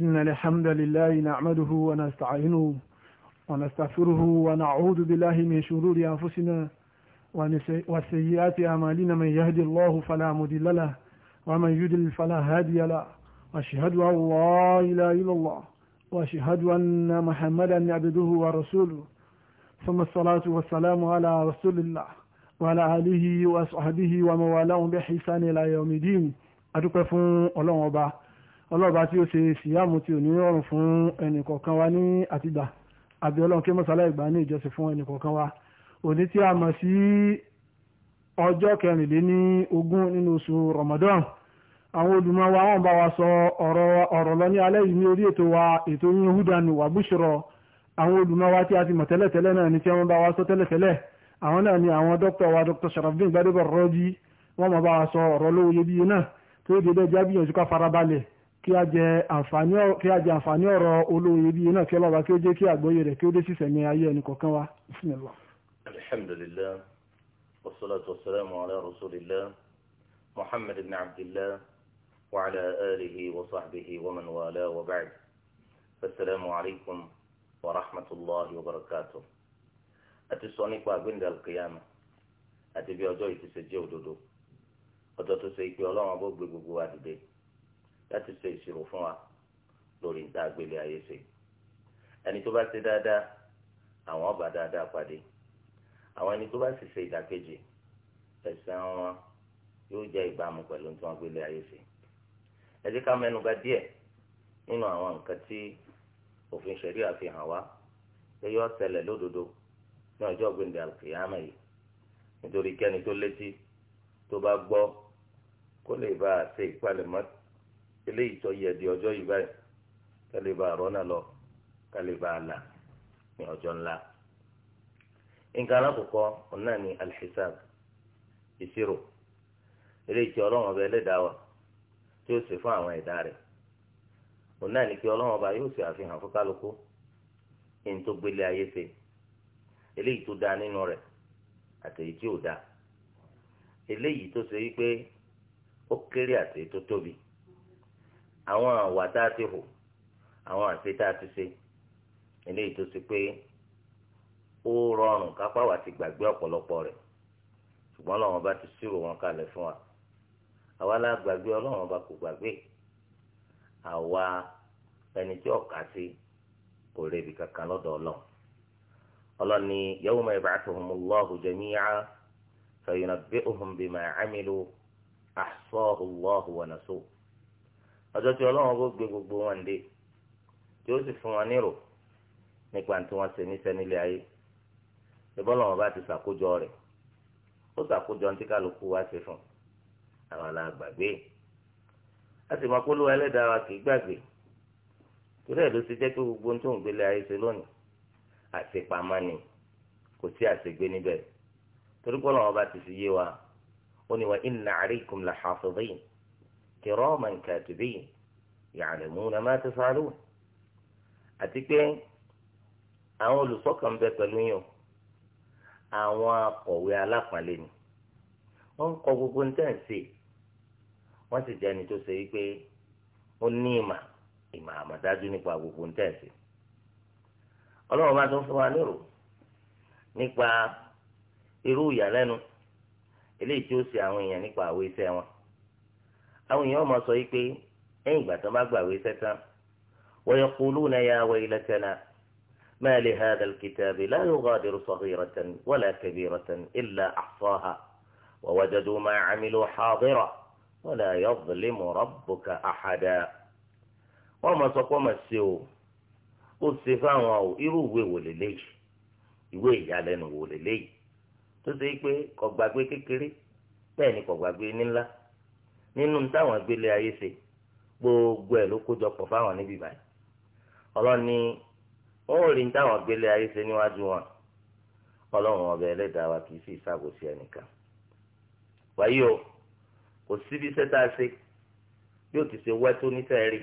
إن الحمد لله نعمده ونستعينه ونستغفره ونعوذ بالله من شرور أنفسنا وسيئات أعمالنا من يهدي الله فلا مضل له ومن يضلل فلا هادي له وأشهد أن لا إله إلا الله وأشهد أن محمدا عبده ورسوله ثم الصلاة والسلام على رسول الله وعلى آله وصحبه ومن والاهم بإحسان إلى يوم الدين أدوك فون أولون ọlọ́ọ̀bá tí ó ṣe síyàmù tí ò ní rọrùn fún ẹnìkọ̀ọ̀kan wa ní àtìgbà àbí ọlọ́run kí mọ́sálá ìgbà ní ìjọsìn fún ẹnìkọ̀ọ̀kan wa òní tí a mọ̀ sí ọjọ́ kẹrìnléní ogún nínú oṣù Ramadan àwọn olùmọ̀ wa wọ́n bá wa sọ ọ̀rọ̀ lọ ní alẹ́ yìí ní orí ètò wa ètò yín hudan wa bushra àwọn olùmọ̀ wa tí a ti mọ̀ tẹ́lẹ̀tẹ́lẹ̀ náà ní tí wọ́n bá wa sọ tẹ́lẹ̀tẹ́lẹ̀ àwọn náà ni àwọn dókítà wa dr sharafin Gbadebo Rọ́jí wọ́n mọ̀ bá wa sọ ọ̀rọ̀ lówó iyebíye náà tó yẹ dédé jábíyànjú ká farabalẹ̀ kí a jẹ àǹfààní ọ̀rọ̀ olóyè bí iná kí ọlọ́ba kí ó jẹ́ kí àgbóyè rẹ̀ kí ó dé sí sẹ̀mí ayé ẹnì kọ̀ọ̀kan wa bismillah. alhamdulillah wasalaatu wasalaamu ala rasulillah muhammad ibn abdillah wa ala alihi wa sahbihi wa man wala wa ba'd asalaamu alaykum wa rahmatulahi wa barakatuh. àti sọ nípa àgbéǹde alqiyama àti bí ọjọ́ yìí jẹ́ òdodo ọjọ́ tó ṣe ìpè ọlọ́run abó gbé gbogbo wa láti ṣe ìṣirò fún wa lórí níta gbélé ayé ṣe ẹni tó bá ṣe dáadáa àwọn ọba dáadáa pàdé àwọn ẹni tó bá sì ṣe ìdàkejì ẹ̀san wọn yóò jẹ́ ìbámu pẹ̀lú tí wọ́n gbélé ayé ṣe ẹ jẹ́ ká mẹ́nu bà díẹ̀ nínú àwọn nǹkan tí òfin ṣẹ̀rí àfihàn wa pé yóò ṣẹlẹ̀ lódodo ní ọjọ́ gbẹ̀ndẹ̀ àlùkìyàmà yìí nítorí kẹ́ni tó létí tó bá gbọ́ kó lè bá a ṣe ìpalẹ̀mọ́ eléyìí tó yẹ di ọjọ́ yìí báyìí kálí bá rọ́nà lọ kálí bá là ní ọjọ́ ńlá. nǹkan alákòókò ọ̀nà ni alhisab ìṣirò eléyìí tí ọlọ́run ọba ẹlẹ́dàá wa tí ó sì fún àwọn ẹ̀dá rẹ̀ ọ̀nà ni kí ọlọ́run ọba yóò sì àfihàn fún kálukú ní tó gbélé ayé ṣe eléyìí tó dáa nínú rẹ̀ àtẹ̀yí tí ò dáa eléyìí tó ṣe ó kéré àtẹ̀yí tó tóbi. àwọn àwà tá a ti hù àwọn àṣe tá a ti ṣe eléyìí tó ṣe pé ó rọrùn kápá wa ti gbàgbé ọ̀pọ̀lọpọ̀ rẹ̀ ṣùgbọ́n lọ́wọ́n bá ti ṣírò wọn kalẹ̀ fún wa àwa la gbàgbé bá kò gbàgbé àwa ẹni tí ọ̀ka sí kò rebi kankan lọ́dọ̀ ọlọ́run ọlọ́run ni yawma yab'athuhumullahu jami'a fayunabbi'uhum bima 'amilu ahsahu Allahu wa nasuhu ọjọ́ tí ọlọ́run bó gbé gbogbo wọn dé tí ó sì fún wọn nírò nípa tí wọ́n ṣe níṣẹ́ nílé ayé ìbọ́lọ́run bá ti ṣàkójọ rẹ̀ ó ṣàkójọ ní kálukú wá ṣe fún àwọn alágbàgbé a sì máa polówó ẹlẹ́dàá wa kì í gbàgbé torí ẹ̀ ló ti jẹ́ pé gbogbo tó ń gbélé ayé ṣe lónìí àṣepamọ́ ni kò sí àṣegbé níbẹ̀ torí pé bá ti fi yé wa ó ní wa inna alaykum la hafidhin kiraman katibin nke ma taf'alun àti pé àwọn olùsọ́kàn àwọn akọ̀wé alápàlẹ́ ni wọ́n ń kọ gbogbo ní tẹ̀sí wọ́n sì jẹ́ni tó ṣe wípé ó ní ìmà ìmà àmọ̀dájú nípa gbogbo ní tẹ̀sí ọlọ́run bá tún fún wa nípa irú ìyàlẹ́nu eléyìí tí ó ṣe àwọn èèyàn nípa àwọn iṣẹ́ àwọn èèyàn máa sọ yìí pé ẹ̀yìn ìgbà tó bá gbàwé sẹ́tàn ويقولون يا ويلتنا ما لهذا الكتاب لا يغادر صغيرة ولا كبيرة إلا أحصاها ووجدوا ما عملوا حاضرة ولا يظلم ربك أحدا وما سقوم السيو والسفان واو إرو وللي ìwé ìyàlẹ́nu wò lélẹ́yìí tó ṣe é pé kò gbàgbé kékeré bẹ́ẹ̀ ni kò gbàgbé ńlá nínú táwọn agbélé ayé ṣe gbogbo ẹ̀ ló kójọ pọ̀ fáwọn níbí báyìí ọlọ́run ní wọ́n ò rí táwọn agbélé ayé ṣe níwájú wọn ọlọ́run ọba ẹlẹ́dàá wa kì í sì ṣàbòsí ẹnìkan wáyé o kò síbi iṣẹ́ tá a ṣe yóò ti ṣe wẹ́ tó nífẹ̀ẹ́ rí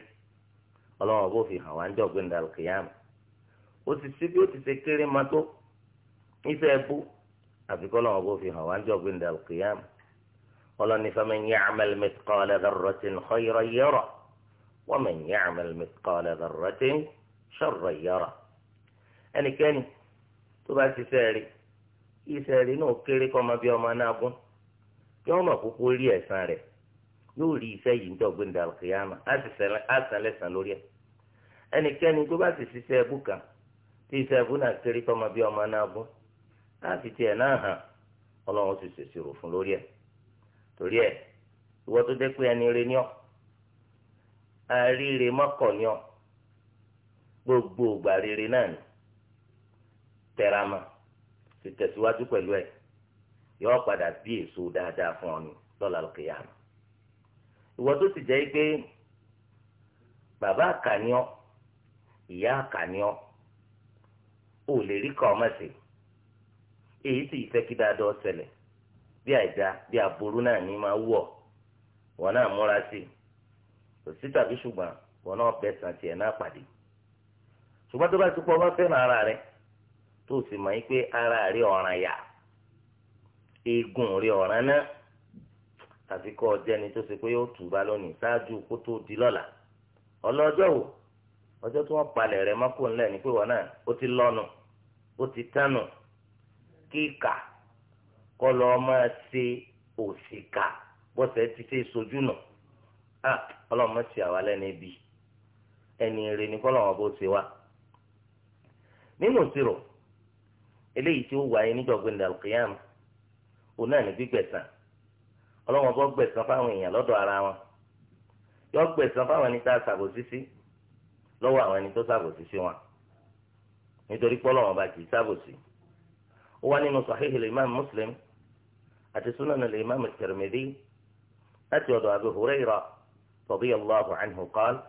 ọlọ́run ọba òfin hàn wá ń jọ̀gbìn dàlùkìyàmù ó ti ṣe bí ó ti ṣe kéré ma tó nífẹ̀ẹ́ bú àfikọ́ ọlọ́run ọba òfin hàn wá ń jọ̀gbìn dàlùkìyàmù قال أن فمن يعمل مثقال ذرة خيرا يرى ومن يعمل مثقال ذرة شرا يرى أني كان تباسي ساري يساري نوكيري كما بيوم ناقون يوم أقول لي ساري يولي سيين توقن دال قيامة أسل لسان لوريا أني كان تباسي سيسابوكا تيسابونا كيري كما بيوم ناقون أفتيا ناها Ọlọ́run ti ṣèṣirò fún lórí ẹ̀. torí ẹ ìwọ tó jẹ́ pé ẹni rẹ ni ọ́ àríire mọ́kọ̀ ni ọ́ gbogbo ògbà rere náà ni tẹ̀rama ti tẹ̀síwájú pẹ̀lú ẹ̀ yọ padà bí èso dáadáa fún ọ ni lọ́la lókè yá mi ìwọ tó sì jẹ́ pé bàbá àkànníọ́ ìyá àkànníọ́ ò lè rí kọ́ ọmọ sí èyí sì fẹ́ kí dáadáa ṣẹlẹ̀ bí àìdá bí aburú náà ní máa wọ̀ wọn náà múra sí kò sí tàbí ṣùgbọ́n wọn náà bẹ sàn ẹ náà pàdé ṣùgbọ́n tó bá ti ọba ara rẹ tó sì ma yín pé ara rí ọràn yà eegun rí náà ọjọ tó ṣe pé yóò tù bá lónìí di ọlọjọ wo ọjọ tí rẹ mọ́kò ni pé ti lọnu ó ti tánu kíkà kọ́ lọ́ọ́ máa ṣe òṣìkà bọ́sẹ̀ ti ṣe sojú nà á ọlọ́mọ ṣe àwa lẹ́nu ibi ẹni rẹ ni kọ́ lọ́wọ́ bó ṣe wá. nínú ìṣirò eléyìí tí ó wáyé níjọ̀gbìn dàlùkìyàm òun náà ní gbígbẹ̀sán ọlọ́wọ́ bọ́ gbẹ̀sán fáwọn èèyàn lọ́dọ̀ ara wọn yọ gbẹ̀sán fáwọn ẹni tá a ṣàbòsí sí lọ́wọ́ àwọn ẹni tó ṣàbòsí sí wọn nítorí pé ọlọ́wọ́ bá ti ṣàbòsí ó wá nínú sàhíhìlì imáàmù mùsùlùmí في سنن الإمام الترمذي أسود أبي هريرة رضي الله عنه قال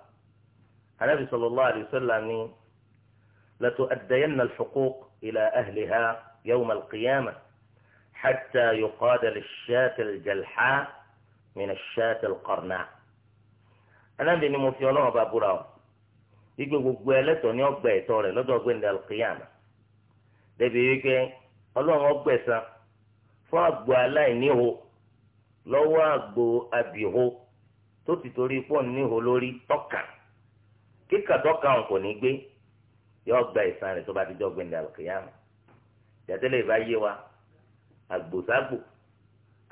النبي صلى الله عليه وسلم لتؤدين الحقوق إلى أهلها يوم القيامة حتى يقاد للشاة الجلحاء من الشاة القرناء النبي نموفي الله بابو راو يقول قوالته نيوك بيتوري لدو قوين للقيامة دبي يقول الله أكبر fún àgbo aláìního lọ́wọ́ àgbo abìho tó ti torí pọ̀ ního lórí tọ́ka kíkà tọ́ka òun kò ní gbé yọ gba ìsan rẹ̀ tó bá ti jọ gbẹ̀ndẹ̀ àlùkìyàmù jàdélé ìbá yé wa àgbòságbò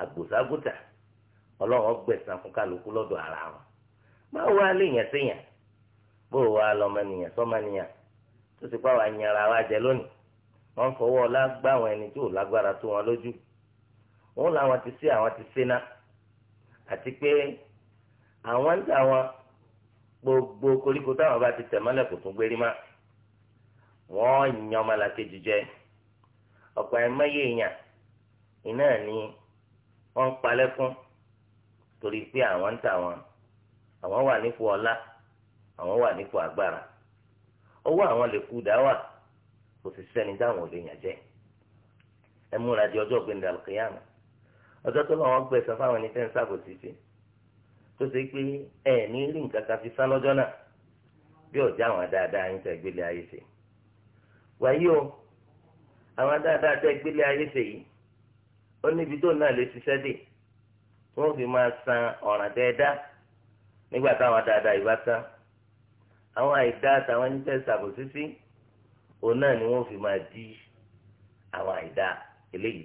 àgbòságùtà ọlọ́run ọgbẹ̀sán fún kálukú lọ́dọ̀ ara wọn báwo wá léèyàn séèyàn bó o wá lọ́mọnìyàn sọ́mọnìyàn tó ti pa wàá yanra wa jẹ lónìí wọ́n fọwọ́ ọlá gbá àwọn ẹni tí ò lágbára tó wọn lójú òun làwọn ti ṣe àwọn ti ṣe àti pé àwọn ń tà wọn gbogbo koríko táwọn bá ti tẹ mọ́lẹ̀ kò tún gbérí má wọ́n yan ọmọlàkejì jẹ ọ̀pọ̀ ẹ̀mọ́yé èèyàn iná ni wọ́n ń fún torí pé àwọn ń tà wọn àwọn wà nípò ọlá àwọn wà nípò agbára ọwọ àwọn lè kú dáwà kò sì dáwọn ò lè yàn jẹ ẹ múra ọjọ́ tó lọ́wọ́ gbẹ̀sán fáwọn ẹni tẹ́ ń ṣàbòsí sí tó ṣe pé ẹ ní rí nǹkan kan fi sá lọ́jọ́ náà bí ọ̀já àwọn dáadáa yín tẹ́ gbélé ayé ṣe wàyí o àwọn dáadáa tẹ́ gbélé ayé ṣe yìí ó níbi tó náà lè ṣiṣẹ́ dè wọ́n fi máa san ọ̀ràn dẹ́ẹ́dá nígbà táwọn dáadáa yìí bá tán àwọn àìdá àtàwọn ẹni tẹ́ ṣàbòsí sí òun náà ni wọ́n fi máa di àwọn àìdá eléyìí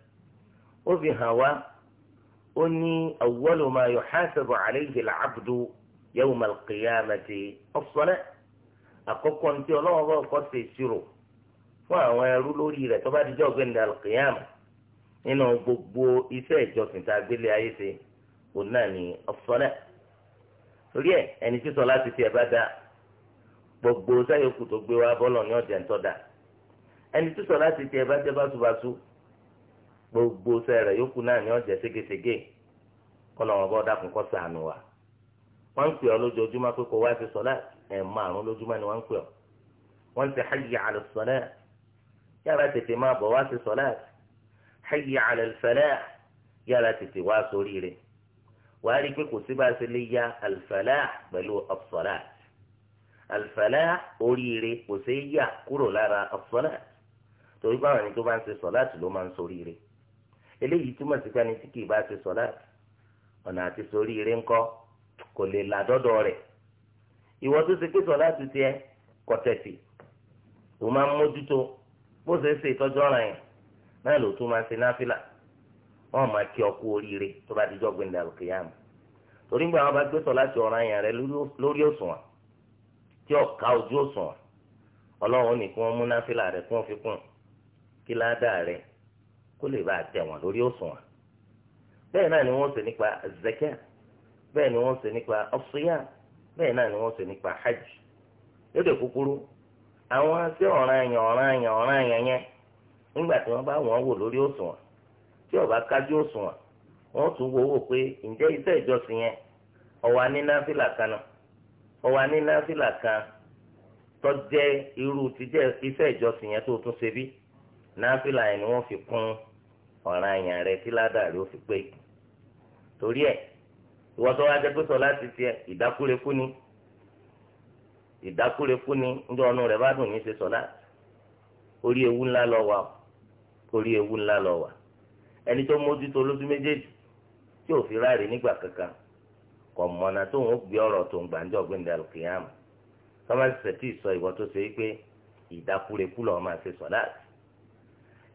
obi fi wa. wá ó ní awwalu ma abdu yawma al-qiyamati ntí ọlọ́wọ́ bá ṣe ìṣirò fún àwọn ẹrú lórí rẹ̀ tó bá dijọ́ ọ̀gbẹ́ni gbogbo iṣẹ́ ìjọsìn tá a gbélé ayé ṣe òun náà ní as torí ẹ ẹni gbogbo sáyẹ̀kù tó gbé wa bọ́lọ̀ ní ń tọ́ da ẹni láti gbogbo sẹ́rẹ̀ yókù náà ni ọ̀jẹ̀ ségesège kọ́nà wọn bọ́ dákun kọ́ sànù wa wọ́n ń pè ọ́ lójoojúmọ́ pé kò wáá fi sọ́lá ẹ̀ márùn lójúmọ́ ni wọ́n ń pè ọ́ wọ́n ti hayyi ala sọ́lá yára tètè máa bọ̀ wáá fi sọ́lá hayyi ala al-falah yára tètè wáá sórí rẹ̀ wàá rí i pé kò sí bá a ṣe lè ya al pẹ̀lú as-salah oríire kò sí yà kúrò lára as torí báwọn ẹni tó bá ń ṣe sọ́lá ló máa ń sórí rẹ̀ eléyìí túmọ̀ sí pé ẹni tí kì í bá ṣe sọ̀láàtì ọ̀nà àti sórí eré ńkọ́ kò lè là dọ́dọ̀ rẹ̀ ìwọ tó ṣe pé sọ̀láàtì tiẹ̀ kò tẹ̀sí ló máa ń mójútó bó ṣe ń ṣe ìtọ́jú ọ̀ràn yẹn náà ló tún máa ń ṣe náfìlà wọn máa kí ọkú oríire tó bá dijọ́ gbẹ̀ndà àlùkìyámà torí gbà wọn bá gbé sọ̀láàtì ọ̀ràn yẹn rẹ lórí òṣùwọ̀n tí ọ̀ka ojú òṣùwọ̀n ọlọ́run ní mú náfìlà rẹ kí wọ́n kí ládàá rẹ̀ kó lè bá tẹ̀ wọ́n lórí òṣùwọ̀n bẹ́ẹ̀ náà ni wọ́n sọ nípa zakat bẹ́ẹ̀ ni wọ́n sọ nípa ọ̀ṣùyà bẹ́ẹ̀ náà ni wọ́n sọ nípa hajj lédè kúkúrú àwọn sí ọ̀ranyàn ọ̀ranyàn ọ̀ranyàn yẹn nígbà tí bá wọn wò lórí òṣùwọ̀n tí ọba bá kájú wọn wọ́n tún wo wò pé ǹjẹ́ iṣẹ́ ìjọsìn yẹn ní náfìlà kan náà ní náfìlà kan tó irú ti jẹ́ iṣẹ́ ìjọsìn yẹn ọ̀ràn àyàn rẹ̀ tí ládàrí ó fi pé torí ẹ̀ ìwọ tó wá pé sọ ti tiẹ̀ ìdákúrekú ni ìdákúrekú ni rẹ bá dùn ní ṣe sọlá orí ewu ńlá lọ wà orí ewu ńlá lọ wà ẹni tó mójútó olóṣù méjèèjì tí ò fi ráàrí nígbà kankan kò mọ̀nà tó ń gbé ọ̀rọ̀ tó ń gbà ń jọ sọ tó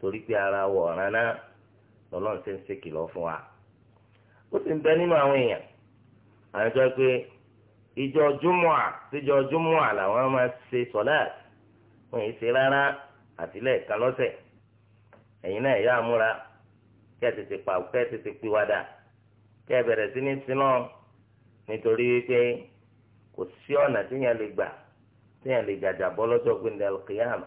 torí pé ara wọ̀ ọ̀ràn náà lọ́lọ́run ṣe ń ṣe kìlọ̀ fún wa ó sì ń bẹ nínú àwọn èèyàn àwọn ìjọ pé ìjọ júmọ̀à síjọ júmọ̀à làwọn máa ṣe sọ̀láàtì wọn yìí ṣe rárá àti lẹ́ẹ̀kan lọ́sẹ̀ ẹ̀yin náà yá àmúra kẹ́ ẹ̀ tètè pa kẹ́ ẹ̀ tètè pìwàdà kẹ́ ẹ̀ bẹ̀rẹ̀ sí ní sinọ́ nítorí wípé kò sí ọ̀nà tíyẹn lè gbà tíyẹn lè gàjà bọ́ lọ́jọ́ gbẹ̀ndẹ̀ alùkìyàmù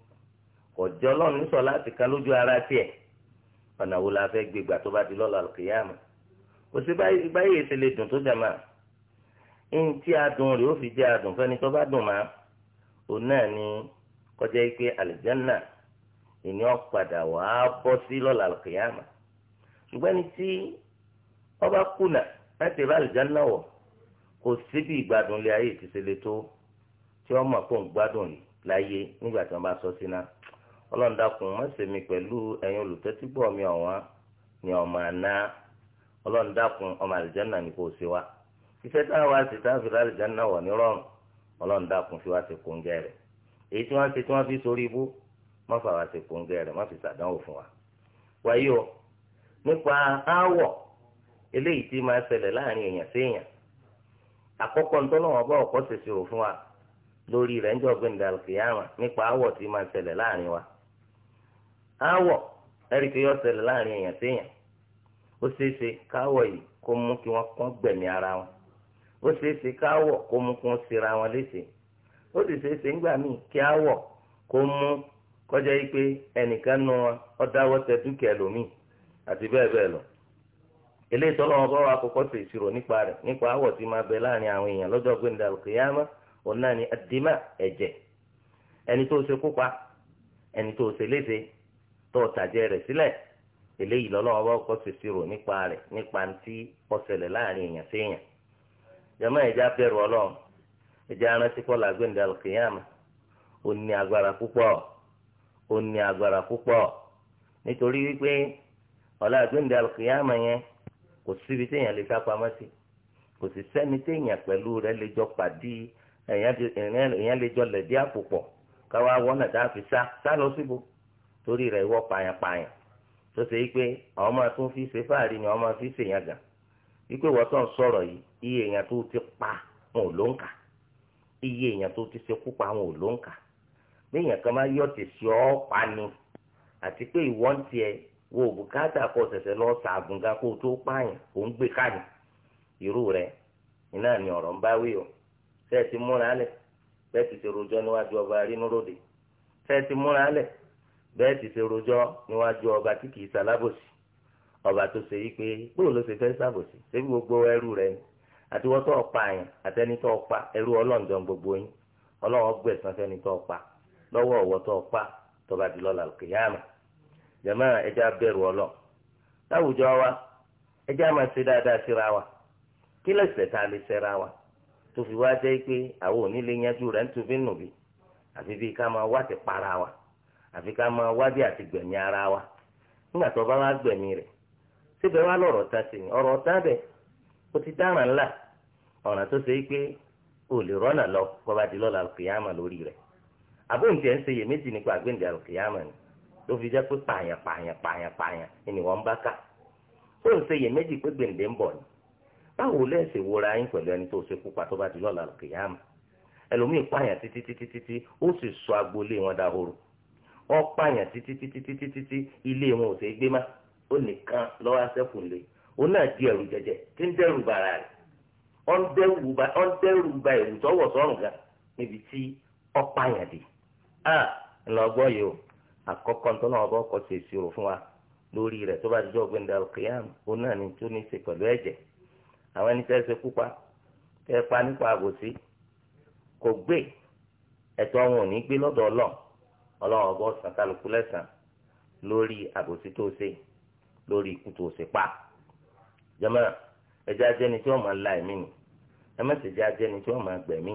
ọjọ́ ọlọ́run ní sọlá ti kan lójú ara tiẹ̀ ọ̀nà wo la fẹ́ gbégbà tó bá di lọ́la kìyàmù kò sí báyìí èsì lè dùn tó dẹ̀ máa ń tí adùn rẹ̀ ó fi jẹ́ adùn fẹ́ni tó bá dùn máa òun náà ni kọjá pé àlìjánà ìní ọ̀padà wàá bọ́ sí lọ́la kìyàmù ṣùgbọ́n ní tí ọba kùnà láti rí àlìjánà wọ̀ kò síbi ìgbádùn lé ayé ìtìsílẹ̀ tó tí wọ́n mọ̀ kó ń gbádùn láyé nígbà tí wọ́n bá sọ sínú ọlọ́ndàkùn mọ́sẹ̀mí pẹ̀lú ẹ̀yin olùtẹ́tígbọ́ mi ọ̀wọ́n ni ọmọ àná ọlọ́ndàkùn ọmọ àlìjánà ni kò sí wa iṣẹ́ tá wá sí tá wọ̀ ní rọrùn ọlọ́ndàkùn fi wá sí kóńgẹ́ rẹ̀ èyí tí wọ́n tí wọ́n fi sórí ibú fà wá sí fi sàdánwò fún wa. wáyé o nípa aáwọ̀ eléyìí máa ṣẹlẹ̀ láàrin èèyàn sí èèyàn àkọ́kọ́ bá awọ ẹ̀rí pé yọ ṣẹlẹ̀ láàrin èèyàn séèyàn ó ṣeéṣe káwọ̀ yìí kó mú kí ara wọn ó ṣeéṣe káwọ̀ kó mú kí wọn léṣe ó sì ṣeéṣe ńgbà míì kí aáwọ̀ kó mú kọjá yìí pé ẹnìkan nu wọn ó dáwọ́ tẹ dúkìá lómi àti lọ eléyìí bá wà kọ́kọ́ ìṣirò nípa rẹ̀ nípa tí máa bẹ láàrin àwọn èèyàn lọ́jọ́ gbẹ̀ndà ni ẹ̀jẹ̀ ẹni tó ṣe tó tàjẹ́ rẹ sílẹ̀ eléyìí lọ́lọ́wọ́ bá kọ́ ṣe ṣirò nípa rẹ̀ nípa ti ọ̀sẹ̀lẹ̀ láàrin èèyàn sí èèyàn jẹ́mọ́ ẹ̀já bẹ̀rù ọlọ́run ẹ̀já rántí kọ́ làgbéǹde alùkìyàmù ó ní agbára nitori ó ní agbára nítorí wípé alùkìyàmù yẹn kò síbi téèyàn lè sá sí kò sì lè jọ pàdí èèyàn lè jọ torí rẹ̀ ìwọ pààyàn-pààyàn tó ṣe pé àwọn máa tún fi ṣe fáàrí ni àwọn máa fi ṣe wípé iye èèyàn tó ti pa wọn ò iye èèyàn tó ti ṣekú pa wọn ò ló ń kà kan bá yọ̀ ọ́ pa ni àti pé ń tiẹ̀ wo bùkátà kọ o tó pààyàn kó ń gbé káàdì irú o ti múra lẹ̀ bẹ́ẹ̀ ti ṣe rojọ́ níwájú ọba rínú ròde bẹ́ẹ̀ ti ṣe rojọ́ níwájú ọba tí kìí ṣalábòsí ọba tó ṣe yìí pé bóòlù ló ṣe fẹ́ ṣàbòsí ṣébi gbogbo ẹrú rẹ àti wọ́n tó ọ̀pá yẹn àtẹni tó gbogbo yín ọlọ́wọ́ gbẹ̀sán fẹ́ni tó ọ̀pá lọ́wọ́ ọ̀wọ́ tó ọ̀pá tọba di lọ́la ẹja bẹ̀rù ọlọ́ láwùjọ lè ṣẹra wa tó fi wá jẹ́ pé àwọn òní lè yanjú rẹ̀ ń tu nù bí àfi bí ká máa wá àfi ká máa wádìí àti gbẹ̀mí ara wa nígbà tó bá wá gbẹ̀mí rẹ̀ síbẹ̀ wá lọ̀rọ̀ ta sí ni ọ̀rọ̀ ta bẹ̀ ó ti dáràn ńlá ọ̀ràn tó ṣe pé o lè rọ́nà lọ kó di lọ́la alùkìyàmà lórí rẹ̀ àbóǹtì ẹ̀ ń ṣe iyèméjì nípa àgbéǹde alùkìyàmà ni ló fi jẹ́ pé pààyàn pààyàn pààyàn pààyàn ni wọ́n ń bá kà ó ń ṣe iyèméjì pé gbèǹde ń bọ̀ ni báwo lẹ́sẹ̀ wora yín pẹ̀lú ẹni tó ṣe pupa tó bá di lọ́la alùkìyàmà ẹlòmíì pààyàn títí títí títí ó sì sọ agboolé wọn dahoro wọ́n pààyàn títí títí títí títí ilé wọn ò ṣeé gbé má ó nìkan lọ́wọ́ sẹ́kùn lé náà di ẹ̀rù jẹjẹ tí ń bàrà rẹ̀ ọ ń ba ẹ̀rù tọ́wọ̀ gan níbi tí ó pààyàn ah ńlọgbọ́ yìí o àkọ́kọ́ ṣe fún wa lórí rẹ̀ tó bá ti náà pẹ̀lú ẹ̀jẹ̀ àwọn ẹni ọlọ́run ọbọ̀ san kálukú lẹ́sàn lórí àbòsí tó ṣe lórí ikú tó ṣe pa jama ẹjẹ ajẹni tí wọn máa la ẹ̀mí ni ẹ má sì jẹ ajẹni tí wọn máa gbẹ̀mí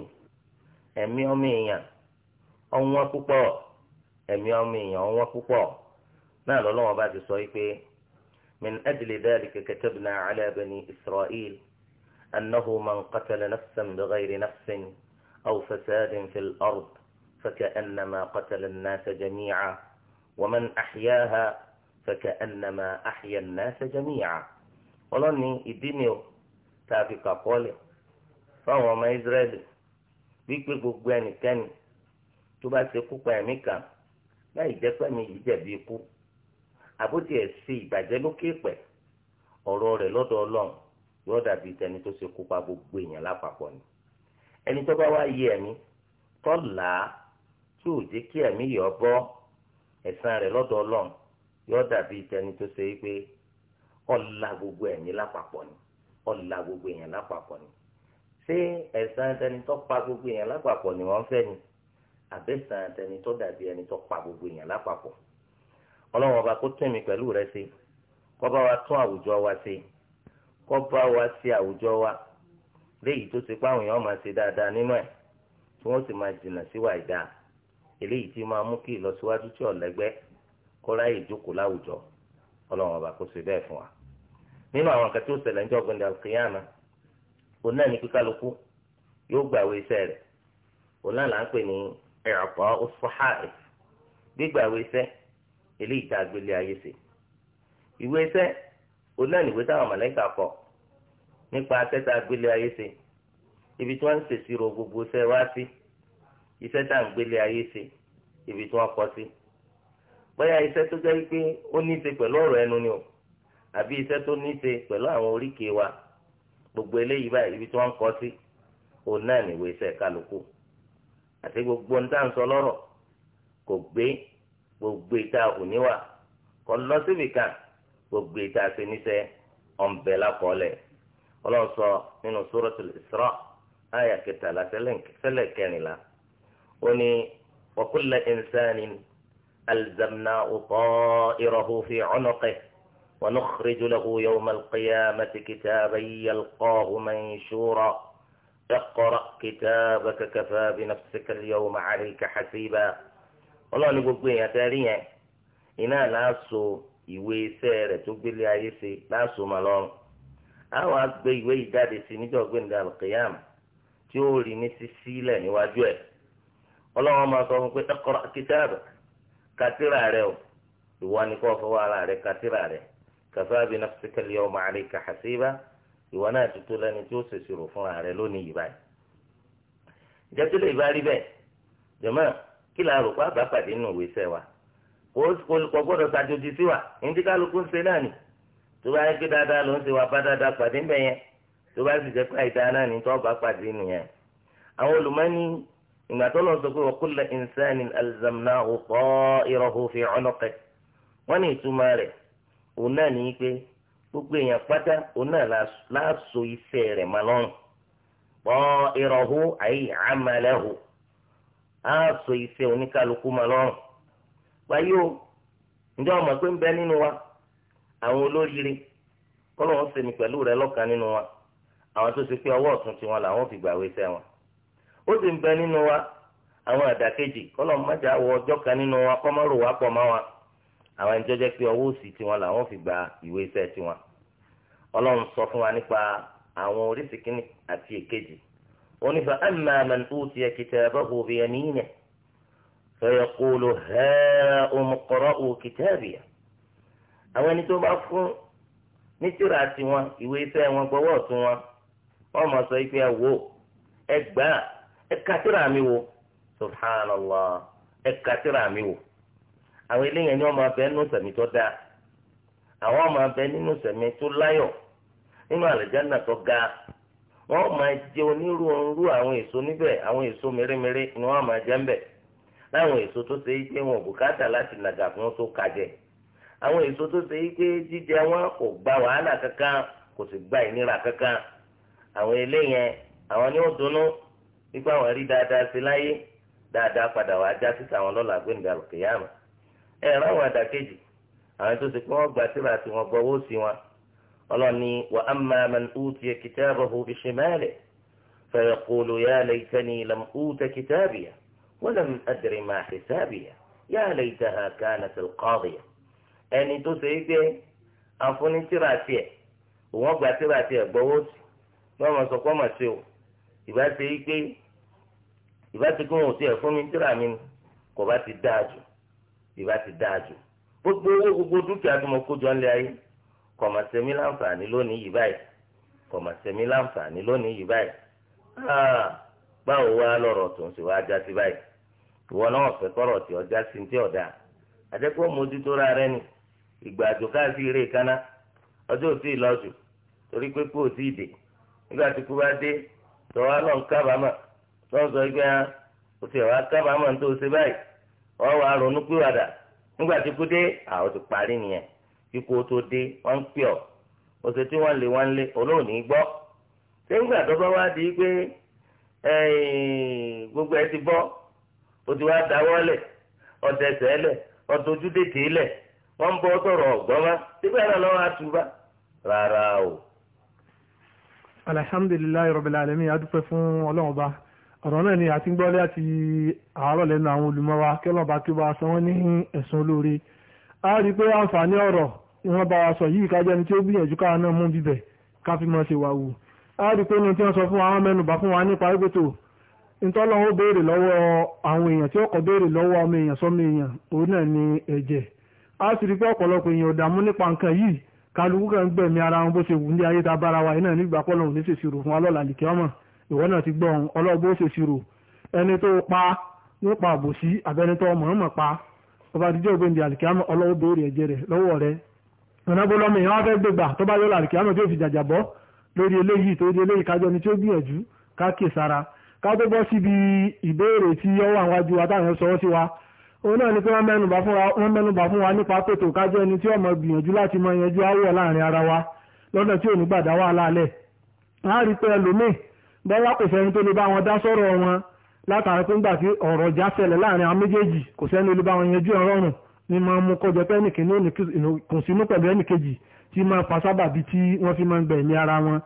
ẹ̀mí ọmọ èèyàn ọ̀wọ́n púpọ̀ ẹ̀mí ọmọ èèyàn ọ̀wọ́n púpọ̀ náà lọ́lọ́wọ́ bá ti sọ yìí pé min ajli dhalika katabna ala bani isra'il annahu man qatala nafsan bighayri nafsin aw fasadin fil فكأنما قتل الناس جميعا ومن أحياها فكأنما أحيا الناس جميعا ọlọ́ni ìdí ni ó tá a fi kàkọ́lẹ̀ fáwọn ọmọ ìsírẹ́lì wípé gbogbo ẹnikẹ́ni tó bá ṣe kú pa ẹ̀mí kan láì jẹ́ pẹ́mi yìí jẹ̀bi ikú àbótí ẹ̀ sí ìbàjẹ́ lókè pẹ̀ ọ̀rọ̀ rẹ̀ lọ́dọ̀ ọlọ́run yóò dàbí tẹni tó ṣe kú pa gbogbo èèyàn lápapọ̀ ni ẹni tó bá wá yé ẹ̀mí tọ́lá tí ò jẹ́ kí ẹ̀mí yọ̀ bọ́ ẹ̀san rẹ̀ lọ́dọ̀ ọlọ́run yóò dàbí ìtẹni tó ṣe pé ọ̀la gbogbo ẹ̀mí lápapọ̀ ni ọ̀la gbogbo èèyàn lápapọ̀ ni ṣé ẹ̀san ẹni tó pa gbogbo èèyàn lápapọ̀ ni wọ́n fẹ́ ni àbẹ̀san ẹni tó dàbí ẹni tó pa gbogbo èèyàn lápapọ̀ ọlọ́run ọba kó tún mi pẹ̀lú rẹ ṣe kó bá wa tún àwùjọ wa ṣe kó bá wa ṣe àwùjọ wa léyìí tó ti pé àwọn èèyàn máa ṣe dáadáa nínú ẹ̀ tí wọ́n sì máa jìnnà síwà ìdáa eléyìí tí máa mú kí ìlọsíwájú tí ọ̀lẹ́gbẹ́ kó ráyè jókòó láwùjọ ọlọ́run ọba kó ṣe bẹ́ẹ̀ fún wa. nínú àwọn kan tí ó ṣẹlẹ̀ gbẹ̀ndẹ̀ àkìyàmá òun náà ní kíkálukú yóò gbàwé iṣẹ́ rẹ̀ òun náà là ń pè ní ẹ̀rọ̀pọ̀ ọ̀fọ̀háì gbígbàwé iṣẹ́ eléyìí tá a gbélé ayé ìwé iṣẹ́ òun náà nìwé táwọn mọ̀lẹ́kà kọ nípa gbélé ayé ibi tí wọ́n ń gbogbo iṣẹ́ wá iṣẹ́ tá à ń gbélé ayé ṣe ibi tí wọ́n kọ́ sí bóyá iṣẹ́ tó jẹ́ pé ó ní í ṣe pẹ̀lú ọ̀rọ̀ ẹnu ni o àbí iṣẹ́ tó ní í ṣe pẹ̀lú àwọn oríkèé wa gbogbo eléyìí báyìí ibi tí wọ́n kọ́ sí òun náà nìwé iṣẹ́ kálukú àti gbogbo ní táǹsọ lọ́rọ̀ kò gbé gbogbo ìta òníwà kò lọ síbi kan gbogbo ìta ṣe níṣẹ́ ọ̀nbẹ lákọọ́lẹ̀ ọlọ́sọ nínú Suratul Isra àyà kẹtàlá sẹ́lẹ̀ kẹrìnlá وني وكل إنسان ألزمناه طائره في عنقه ونخرج له يوم القيامة كتابا يلقاه منشورا اقرأ كتابك كفى بنفسك اليوم عليك حسيبا والله نقول يا تاريخ إنا لاسو ìwé iṣẹ́ rẹ̀ tó gbélé ayé ṣe láàṣọ mà lọ́rùn àwọn àgbẹ̀ ìwé ìjáde sí níjọ́ gbẹ̀ndà alqiyam tí ó rí ní sísílẹ̀ níwájú ẹ̀ ọlọ́run máa sọ fún pé ẹkọrọ kìtàbà kàtírà rẹ o ìwọ ni kò fọwọ́ ara rẹ kàtírà rẹ kàfá bí nafsika al-yawma alayka hasiba ìwọ náà ti tó lẹ́ni tí ó ṣèṣirò fúnra rẹ lónìí yìí báyìí. ìjẹ́tí lè bá rí bẹ́ẹ̀ jọ̀mọ́ kí la rò pé àbá pàdé nù òwe sẹ́ wa kò gbọ́dọ̀ ṣàjòjì sí wa ní kálukú ń ṣe náà ni tó bá yẹ kí dáadáa ló ń ṣe wa bá dáadáa pàdé ń bẹ̀ tó bá sì jẹ́ pé àìdáa náà ni tó bá pàdé nìyẹn. àwọn olùmọ́ni ìgbà tó lọ́n sọ pé wa kulla insanin alzamnahu ta'irahu fi 'unuqih wọ́n ní ìtumọ̀ rẹ̀ òun náà ní pé gbogbo èèyàn pátá òun náà láàṣọ iṣẹ́ rẹ̀ máa lọ́rùn ta'irahu ay 'amalahu àṣọ iṣẹ́ lọ́rùn wáyé o ǹjẹ́ ọmọ pé ń bẹ nínú wa àwọn olóríire kọ́lọ́ wọn ṣe ní pẹ̀lú rẹ̀ lọ́kàn nínú wa àwọn tó ṣe pé ọwọ́ ó sì ń bẹ nínú wa àwọn àdàkejì kọ́lọ̀ mọ́jà wọ ọjọ́ kan nínú wa kọ́ mọ́rò wa pọ̀ mọ́ wa àwọn ẹni jẹ́jẹ́ pé ọwọ́ òsì tiwọn làwọn fi gba ìwé iṣẹ́ tiwọn ọlọ́run sọ fún wa nípa àwọn oríṣi kínní àti èkejì onífà ẹ̀mà man utiya kitabahu bi yaminihi fayaqulu ha'um iqra'u kitabiya àwọn ẹni tó bá fún ní tírà tiwọn ìwé iṣẹ́ wọn gbọ́wọ́ ọ̀tún wọn wọ́n mọ̀ sọ pé ẹ wò ẹ gbà á ẹ̀ka tíra mi wò subhanallah ẹ̀ka tíra mi wò àwọn eléyàn ni wọ́n máa bẹ nínú sẹ̀mí tó dáa àwọn máa bẹ nínú sẹ̀mí tó láyọ̀ nínú àlùjánnà tó ga wọ́n máa jẹ onírúurú àwọn èso níbẹ̀ àwọn èso mèremère ni wọ́n máa jẹ ńbẹ̀ láwọn èso tó ṣe é wọn ò bùkátà láti nàgà fún tó kàjẹ́ àwọn èso tó ṣe é pé jíjẹ wọn kò gba wàhálà kankan kò sì gba ìnira kankan àwọn eléyẹn àwọn ni ó dunnú ipá wọn rí dáadáa sí láyé dáadáa padà wá já sí sàwọn lọ́la gbẹ̀ngà kìyàmù ẹ ráwọn àdàkejì àwọn tó ti pé wọn gbà síra tí wọn gbọ́ wọ́ọ̀sì wọn ọlọ́ni wa amma man utiya kitabahu bishimale fayaqulu ya laytani lam uta kitabiya walam adri ma hisabiya ya laytaha kanat alqadiya ẹni tó ṣe é gbé àfúnitìrà tiẹ̀ òun ọgbà tìrà tiẹ̀ gbọ́wọ́sì lọ́mọ sọ pé ọmọ sí o. ìbá ṣe yí pé ìbá ti gbóhùn sí ẹ̀ fún mi mi kò ti dáa jù ìbá ti dáa jù gbogbo owó gbogbo dúkìá tó mo kó jọ ayé kò mà ṣe láǹfààní lónìí yìí báyìí kò mà ṣe láǹfààní lónìí yìí báyìí ah, báwo wá tó ń wá já sí báyìí ìwọ ti ọ̀dà rẹ ni ìgbà àjò káàsì eré kaná ọjọ́ òtí torí pé nígbà tọ́wọ́ náà kábàámà náà sọ pé ah, o ti wá kábàámà tó ṣe báyìí wọ́n wá ronú pìwàdà nígbà tí kú dé àwọn ti parí nìyẹn kíkú o tó dé wọn ń pè ọ́ ọ̀sẹ̀ tí wọn lé wọ́n lé olóòní gbọ́ ṣé nígbà tó bá wá di pé gbogbo ẹ o. alhamdulilayi rabbil alamin adúpẹ́ fún ọlọ́run ọba ọ̀rọ̀ náà ni àti gbọ́lé àti àárọ̀ lẹ́nu àwọn olùmọ́wa kí ọlọ́run bá kí wọ́n san wọ́n ní ẹ̀sùn olóore a rí i pé àǹfààní ọ̀rọ̀ ìwọ̀n bá wa sọ yìí kájọ́ ẹni tí ó gbìyànjú káwa náà mú bíbẹ̀ ká fi mọ́ ṣe wà wù a rí i pé ohun tí wọ́n sọ fún àwọn mẹ́nubà fún wa nípa ẹgbẹ́tò ntọ́lọ́run ó béèrè lọ́wọ́ àwọn èèyàn tí ọkọ̀ béèrè lọ́wọ́ ọmọ èèyàn sọ́mọ èèyàn òun náà ni ẹ̀jẹ̀ a sì rí i pé ọ̀pọ̀lọpọ̀ èèyàn ò dààmú nípa nǹkan yìí kálukú kan gbẹ̀mí ara wọn bó ṣe wù ní ayé ta bára wa iná nígbà pọ́ lọ́hùn ní ṣèṣirò fún alọ́lá nìkẹ́ ọmọ ìwọ náà ti gbọ́ ọ̀hún ọlọ́gbó ṣèṣirò ẹni tó pa ní pa àbòsí àbẹni tó ọmọ ọmọ pa ọba àdìjọ́ ògbéǹdì àlìkẹ́ ọlọ́wọ́ bèèrè ẹ̀jẹ̀ rẹ̀ lọ́wọ́ rẹ̀ ọ̀nàbọ́lọ́mọ ìyẹn wá fẹ́ gbégbà tó bá yọ làlìkẹ́ ọmọ tí fi ni tí ó gbìyànjú ká kè sára ká tó bọ́ síbi ìbéèrè tí ọwọ́ wa òun náà ni pé wọ́n mẹ́nubà fún wa wọ́n mẹ́nubà fún wa nípa pètò kájọ́ ẹni tí ọmọ gbìyànjú láti mọ yanjú áwọ̀ láàrin ara wa lọ́nà tí ò ní gbàdá wà lálẹ̀ á rí pé ẹlòmíì bọ́lá kò sẹ́ni tó lè bá wọn dá sọ̀rọ̀ wọn látàrí pé nígbà tí ọ̀rọ̀ já ṣẹlẹ̀ láàrin àwọn méjèèjì kò sẹ́ni lè bá wọn yanjú ọ̀rọ̀rùn ni máa mú kọjọ pé ẹnìkíní kò sínú pẹ̀lú ẹnìkejì tí máa fa sábàbí tí wọ́n fi máa ń gbẹ̀mí ara wọn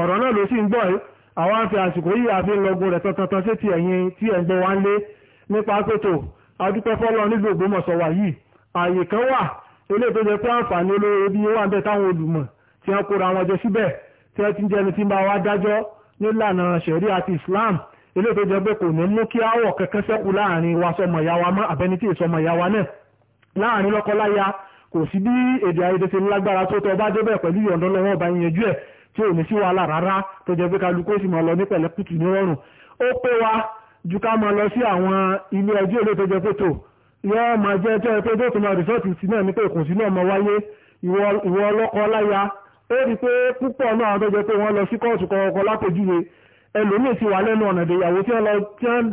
ọ̀rọ̀ náà ló sì adúpẹ́ fọ́lọ́ nílùú Ògbómọ̀ṣọ́ wa yìí ààyè kan wà eléyìí tó jẹ́ pé àǹfààní olóró bí wà ń bẹ táwọn olùmọ̀ tí wọ́n kóra wọn jọ síbẹ̀ tí wọ́n ti ń jẹni tí ń bá wa dájọ́ nílànà ṣẹ̀rí àti Islam eléyìí tó jẹ́ pé kò ní mú kí áwọ̀ kankan ṣẹ́kù láàrin wa sọmọ ìyá wa mọ́ àbẹ́ni tí ìsọmọ ìyá wa náà láàrin lọ́kọláya kò sí bí èdè àìyedè ṣe lágbára tó tọ́ bá jẹ́ bẹ́ẹ̀ pẹ̀lú ìyọ̀ǹdọ́ lọ́wọ́ ọba ìyẹnjú ẹ̀ tí ò ní sí wàhálà rárá tó jẹ́ pé kálukú sì mọ̀ lọ ní pẹ̀lẹ́kùtù ní rọrùn ó pé wa ju ká máa lọ sí àwọn ilé ẹjọ́ ilé tó jẹ pé tò yọ́ máa jẹ́ tó pé tó tó máa rìsọ́ọ̀tì sí náà ní pé ìkùnsí náà máa wáyé ìwọ ọlọ́kọ láya ó rí pé púpọ̀ náà tó jẹ pé wọ́n lọ sí kóòtù kọ̀ọ̀kọ̀ lápèjúwe ẹlòmíì ti wà lẹ́nu ọ̀nà ìdèyàwó tí wọ́n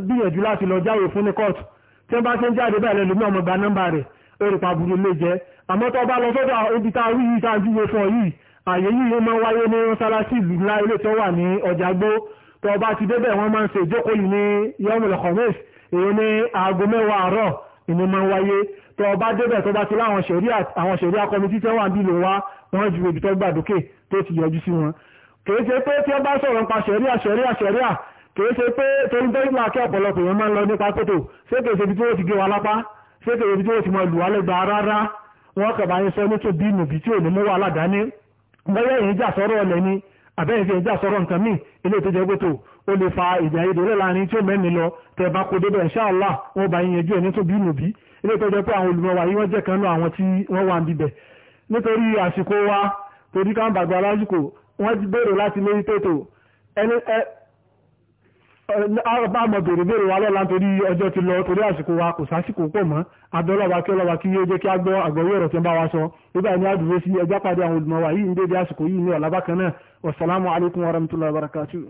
gbìyànjú láti lọ jáwèé fún ní kóòtù tí wọ́n bá ṣe ń jáde bẹ́ẹ̀ lẹ́lòmíì ọmọ gba pa burú lé jẹ́ àmọ́ tó bá lọ sọ́dọ̀ ibi tá a rí yìí tá a júwe fún ọ yìí àyè tó bá ti débẹ̀ wọ́n máa ń ṣe ìjókòó yìí ní yọmùl khamis èyí ní aago mẹ́wàá àárọ̀ ìní máa ń wáyé tó bá débẹ̀ tó bá ti láwọn ṣẹ̀ríà kọmitì tẹ́ wà nílò wá wọ́n ju ibi tó gbàdókè tó ti yọjú sí wọn kìí ṣe pé tí wọ́n bá sọ̀rọ̀ nípa ṣẹ̀ríà ṣẹ̀ríà ṣẹ̀ríà kìí ṣe pé torí bẹ́ẹ̀ máa kí ọ̀pọ̀lọpọ̀ èèyàn àbẹ́yìn fi ẹ̀já sọ̀rọ̀ nǹkan míì ilé tó jẹ́ gbẹ́tò ó lè fa ìjà èdè olóòlà ní tí ó mẹ́rin lọ tẹ̀ bá kó débẹ̀ ṣáàlá wọn bá yín yanjú ẹ̀ ní tó bí nù bí ilé tó jẹ́ pé àwọn olùmọ̀wà yìí wọ́n jẹ́ kan nú àwọn tí wọ́n wà ń nítorí àsìkò wa torí ká bàgbà lásìkò wọ́n ti láti lórí tètò bá mọ̀ bèrè bèrè wa lọ́la torí ọjọ́ ti lọ torí àsìkò wa kò sásìkò pọ̀ mọ́ adọ́lọ́wà kí ọlọ́wà kí yóò jẹ́ kí a gbọ́ àgbọ̀wé ọ̀rọ̀ tí ń bá wa sọ nígbà ní àdúró sí ẹjọ́ pàdé àwọn olùmọ̀ yìí ń dédé àsìkò yìí ní ọ̀làbákan náà wassalamu alaikum warahmatullahi wabarakatuh